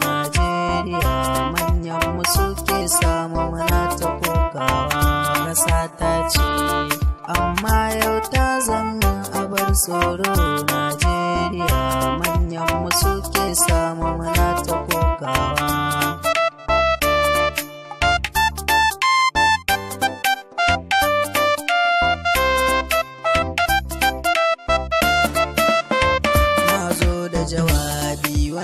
Najeriya manyan suke samu muna ta kokawa rasa ta ce amma yau ta zama a bar tsoro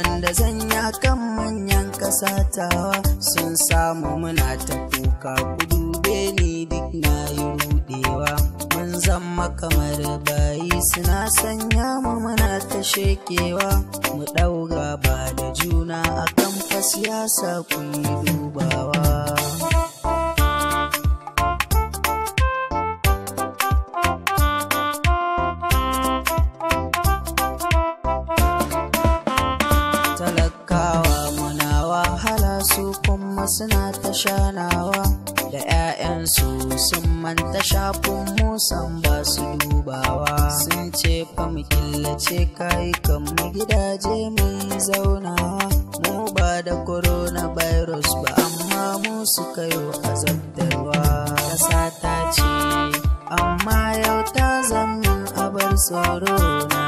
wanda zanya kan manyan kasatawa sun samu muna ta kuka ku dube ni duk na yi rudewa mun zama kamar bayi suna sanya mu muna ta shekewa mu ɗaura ba da juna akan kamfas ya sa dubawa suna ta shanawa da 'ya'yansu sun manta shafin musan ba su dubawa sun ce fa mu killace kai kan mu gidaje mu zaunawa mu ba da coronavirus ba amma mu suka yi azabtarwa ƙasa ta ce amma yau ta zama abar tsoro na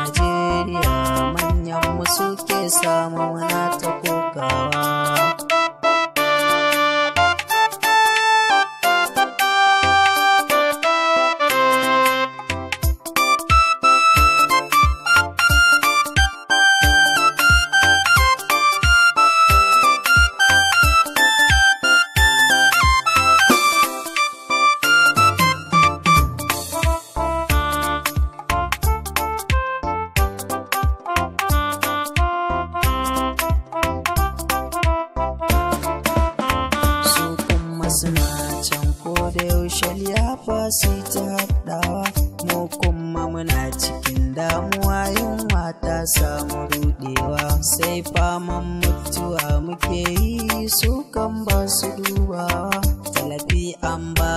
da yaushe liyafa su ta haɗawa mu kuma muna cikin damuwa yunwa ta samu rudewa sai faman mutuwa muke yi su kan ba su dubawa talafi an ba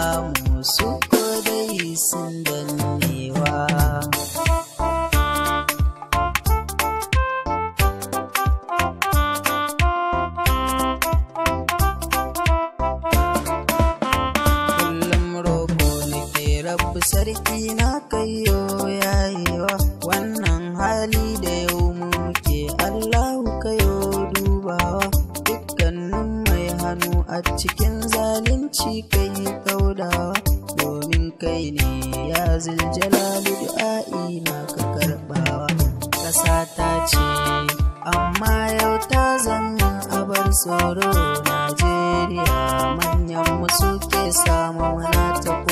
mu su kodayi sun danne sarki na kayo yayewa wannan hali da yau muke allahu kayo dubawa dukkanin mai hannu a cikin zalunci kai kaudawa domin kai ne ya ziljalali du'a'i na ka karbawa ƙasa ta ce amma yau ta zanna bar tsoro najeriya manyan musu ke samun wani